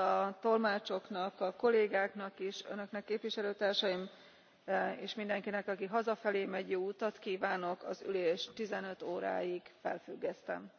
a tolmácsoknak a kollégáknak is önöknek képviselőtársaim e, és mindenkinek aki hazafelé megy jó utat kvánok az ülést fifteen óráig felfüggesztem.